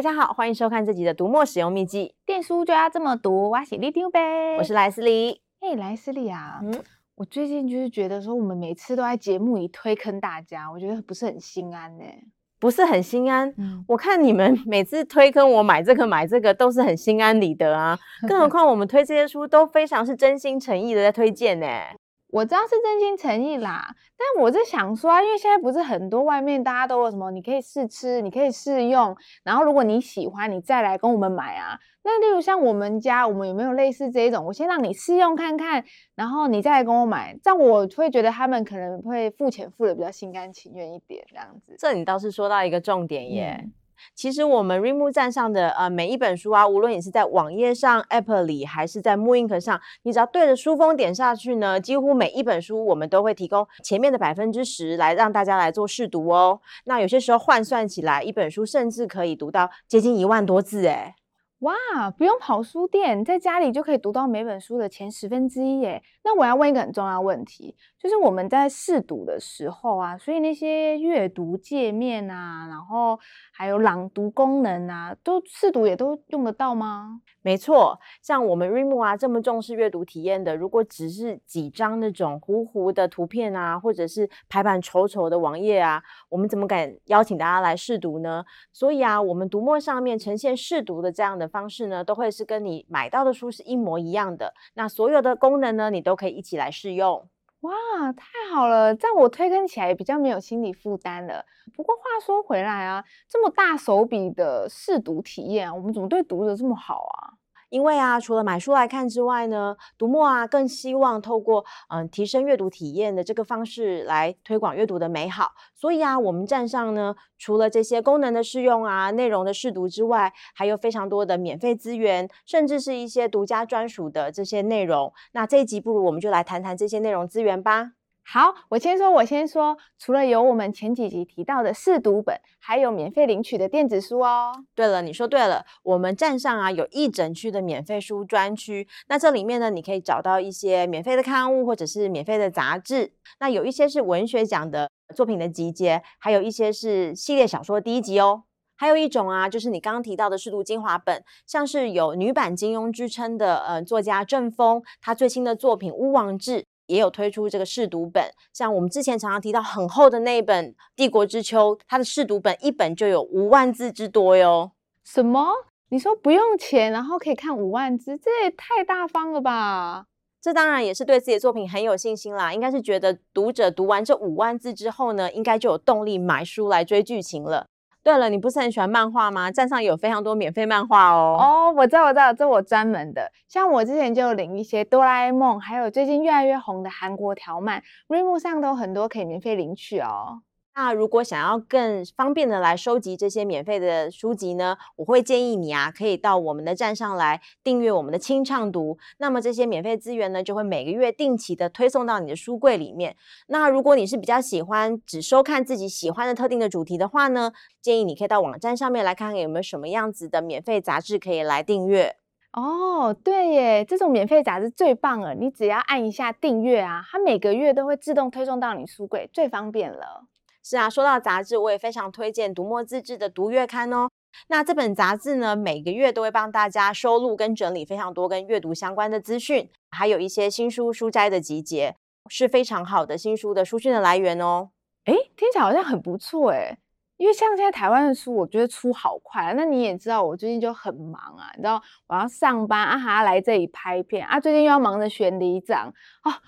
大家好，歡迎收看這集的《讀墨使用祕技》，電書就要這麼讀，哇，喜力丟唄！我是萊斯利。哎，hey, 萊斯利啊，嗯、我最近就是覺得說，我們每次都在節目裡推坑大家，我覺得不是很心安呢、欸，不是很心安。嗯、我看你們每次推坑我買這個買這個，都是很心安理得啊，更何況我們推這些書都非常是真心誠意的在推薦呢、欸。 我知道是真心誠意啦，但我是想說啊，因為現在不是很多外面大家都有什麼，你可以試吃，你可以試用，然後如果你喜歡，你再來跟我們買啊。那例如像我們家，我們有沒有類似這一種？我先讓你試用看看，然後你再來跟我買，這樣我會覺得他們可能會付錢付的比較心甘情願一點，這樣子。這你倒是說到一個重點耶。嗯其實我們 Readmoo 站上的呃每一本書啊，無論你是在網頁上、App 裡，還是在 mooInk 上，你只要對着書封點下去呢，幾乎每一本書我們都會提供前面的百分之十來讓大家來做試讀哦。那有些時候換算起來，一本書甚至可以讀到接近一萬多字誒。哇，不用跑書店，在家裡就可以讀到每本書的前十分之一耶！那我要問一個很重要問題，就是我們在試讀的時候啊，所以那些閱讀界面啊，然後還有朗讀功能啊，都試讀也都用得到嗎？沒錯，像我們 Readmoo 啊這麼重視閱讀體驗的，如果只是幾張那種糊糊的圖片啊，或者是排版醜醜的網頁啊，我們怎麼敢邀請大家來試讀呢？所以啊，我們讀墨上面呈現試讀的這樣的。方式呢，都會是跟你買到的書是一模一樣的。那所有的功能呢，你都可以一起來試用。哇，太好了，在我推坑起來也比較沒有心理負擔了。不過話說回來啊，這麼大手筆的試讀體驗，我們怎麼對讀者這麼好啊？因為啊，除了買書來看之外呢，讀墨啊更希望透過嗯提升閱讀體驗的這個方式來推廣閱讀的美好。所以啊，我們站上呢，除了這些功能的試用啊、內容的試讀之外，還有非常多的免費資源，甚至是一些獨家專屬的這些內容。那這一集，不如我們就來談談這些內容資源吧。好，我先說，我先說，除了有我們前幾集提到的試讀本，還有免費領取的電子書哦。對了，你說對了，我們站上啊，有一整區的免費書專區，那這裡面呢，你可以找到一些免費的刊物或者是免費的雜誌，那有一些是文學獎的、呃、作品的集結，還有一些是系列小說第一集哦。還有一種啊，就是你剛剛提到的試讀精華本，像是有“女版金庸”之稱的呃作家鄭峰，他最新的作品《巫王志》。也有推出這個試讀本，像我們之前常常提到很厚的那一本《帝國之秋》，它的試讀本一本就有五萬字之多喲。什麼？你說不用錢，然後可以看五萬字，這也太大方了吧？這當然也是對自己的作品很有信心啦，應該是覺得讀者讀完這五萬字之後呢，應該就有動力買書來追劇情了。對了，你不是很喜歡漫畫嗎？站上有非常多免費漫畫哦。哦，oh, 我知道，我知道，這我專門的。像我之前就有領一些哆啦 A 夢，還有最近越來越紅的韓國條漫，Readmoo 上都很多可以免費領取哦。那如果想要更方便的來收集這些免費的書籍呢，我會建議你啊，可以到我們的站上來訂閱我們的清唱讀。那麼這些免費資源呢，就會每個月定期的推送到你的書櫃裡面。那如果你是比較喜歡只收看自己喜歡的特定的主題的話呢，建議你可以到網站上面來看看有沒有什麼樣子的免費雜誌可以來訂閱。哦，對耶，這種免費雜誌最棒了，你只要按一下訂閱啊，它每個月都會自動推送到你書櫃，最方便了。是啊，說到雜誌，我也非常推薦讀墨自制的讀月刊哦。那這本雜誌呢，每個月都會幫大家收錄跟整理非常多跟閱讀相關的資訊，還有一些新書書摘的集結，是非常好的新書的書訊的來源哦。哎，聽起來好像很不錯哎，因為像現在台灣的書，我覺得出好快啊。那你也知道，我最近就很忙啊，你知道我要上班啊，還要來這裡拍片啊，最近又要忙着選里長啊。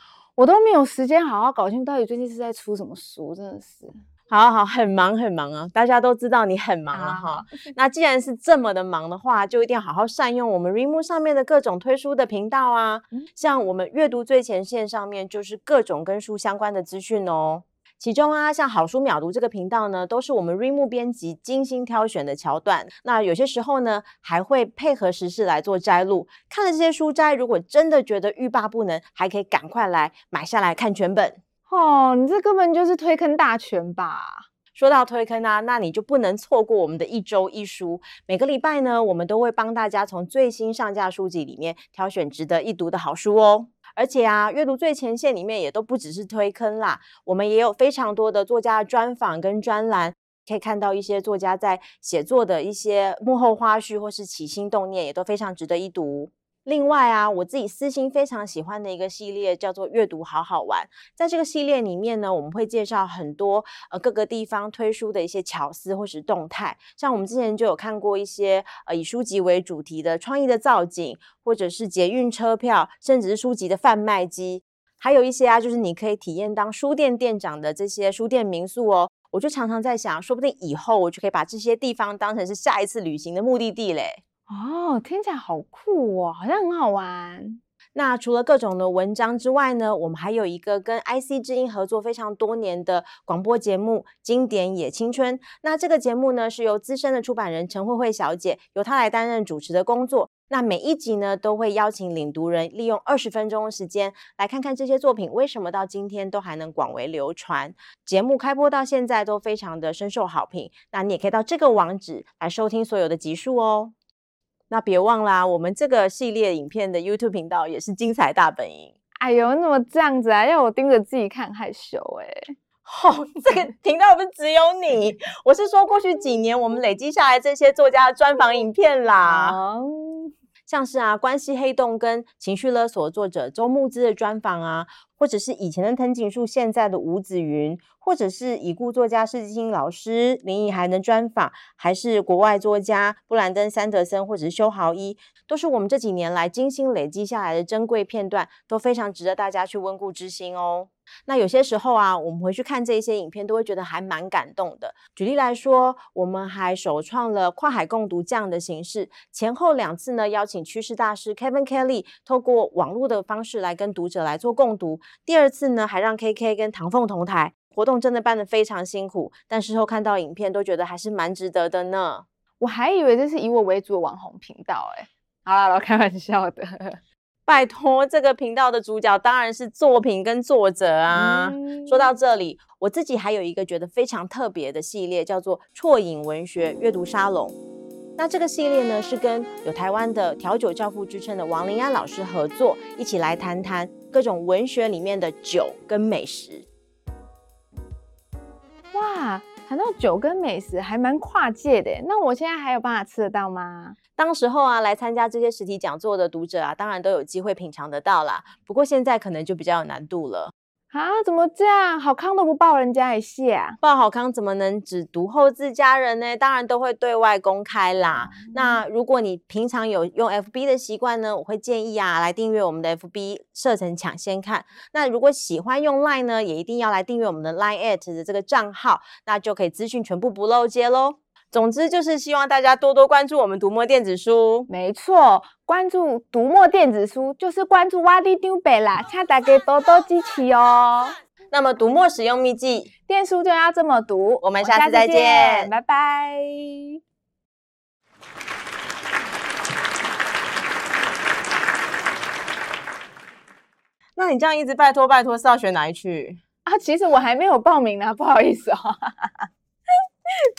我都沒有時間好好搞清楚到底最近是在出什麼書，真的是，好好很忙很忙啊！大家都知道你很忙了哈。好好那既然是這麼的忙的話，就一定要好好善用我們 Readmoo 上面的各種推書的頻道啊，嗯、像我們閱讀最前線上面就是各種跟書相關的資訊哦。其中啊，像好書秒讀這個頻道呢，都是我們 Readmoo 編輯精心挑選的橋段。那有些時候呢，還會配合時事來做摘錄。看了這些書摘，如果真的覺得欲罷不能，還可以趕快來買下來看全本。哦，你這根本就是推坑大全吧？說到推坑啊，那你就不能錯過我們的一周一書。每個禮拜呢，我們都會幫大家從最新上架書籍裡面挑選值得一讀的好書哦。而且啊，閱讀最前線裡面也都不只是推坑啦，我們也有非常多的作家專訪跟專欄，可以看到一些作家在寫作的一些幕後花絮或是起心動念，也都非常值得一讀。另外啊，我自己私心非常喜歡的一個系列叫做“閱讀好好玩”。在這個系列裡面呢，我們會介紹很多呃各個地方推出的一些巧思或是動態。像我們之前就有看過一些呃以書籍為主題的創意的造景，或者是捷運車票，甚至是書籍的販賣機，還有一些啊，就是你可以體驗當書店店長的這些書店民宿哦。我就常常在想，說不定以後我就可以把這些地方當成是下一次旅行的目的地嘞。哦，聽起來好酷哦，好像很好玩。那除了各種的文章之外呢，我們還有一個跟 IC 之音合作非常多年的廣播節目《經典也青春》。那這個節目呢，是由資深的出版人陳慧慧小姐由她來擔任主持的工作。那每一集呢，都會邀請領讀人利用二十分鐘的時間來看看這些作品為什麼到今天都還能廣為流傳。節目開播到現在都非常的深受好評。那你也可以到這個網址來收聽所有的集數哦。那別忘啦、啊，我們這個系列影片的 YouTube 頻道也是精彩大本營。哎呦，你怎麼這樣子啊？要我盯着自己看，害羞哎、欸。好、哦，這個頻道不是只有你， 我是說過去幾年我們累積下來這些作家的專訪影片啦，嗯、像是啊《關係黑洞》跟《情緒勒索》作者周慕姿的專訪啊。或者是以前的藤井樹，現在的吳子雲，或者是已故作家施寄青老師、林奕含的專訪，還是國外作家布蘭登·桑德森，或者是修豪伊，都是我們這幾年來精心累積下來的珍貴片段，都非常值得大家去溫故知新哦。那有些時候啊，我們回去看這些影片，都會覺得還蠻感動的。舉例來說，我們還首創了跨海共讀這樣的形式，前後兩次呢，邀請趨勢大師 Kevin Kelly 透過網絡的方式來跟讀者來做共讀。第二次呢，還讓 KK 跟唐鳳同台，活動真的辦得非常辛苦，但事後看到影片，都覺得還是蠻值得的呢。我還以為這是以我為主的網紅頻道，欸，哎，好啦，啦，我開玩笑的。拜托，這個頻道的主角當然是作品跟作者啊。嗯、說到這裡，我自己還有一個覺得非常特別的系列，叫做《錯影文學閱讀沙龍》。那這個系列呢，是跟有台灣的調酒教父之稱的王靈安老師合作，一起來談談各種文學裡面的酒跟美食。哇，談到酒跟美食，還蠻跨界的。那我現在還有辦法吃得到嗎？當時候啊，來參加這些實體講座的讀者啊，當然都有機會品嘗得到啦。不過現在可能就比較有難度了。啊，怎麼這樣？好康都不報人家也謝啊！報好康怎麼能只獨厚自家人呢？當然都會對外公開啦。嗯、那如果你平常有用 FB 的習慣呢，我會建議啊，來訂閱我們的 FB 設成搶先看。那如果喜歡用 LINE 呢，也一定要來訂閱我們的 LINE@ 的這個賬號，那就可以資訊全部不漏接嘍。總之就是希望大家多多關注我們讀墨電子書。沒錯，關注讀墨電子書就是關注挖地丟貝啦，請大家多多支持哦、喔。 那麼讀墨使用祕技，電書就要這麼讀。我們下次再見，再見 拜拜。那你這樣一直拜托拜托，是要學哪一句？啊，其實我還沒有報名呢、啊，不好意思哦、喔。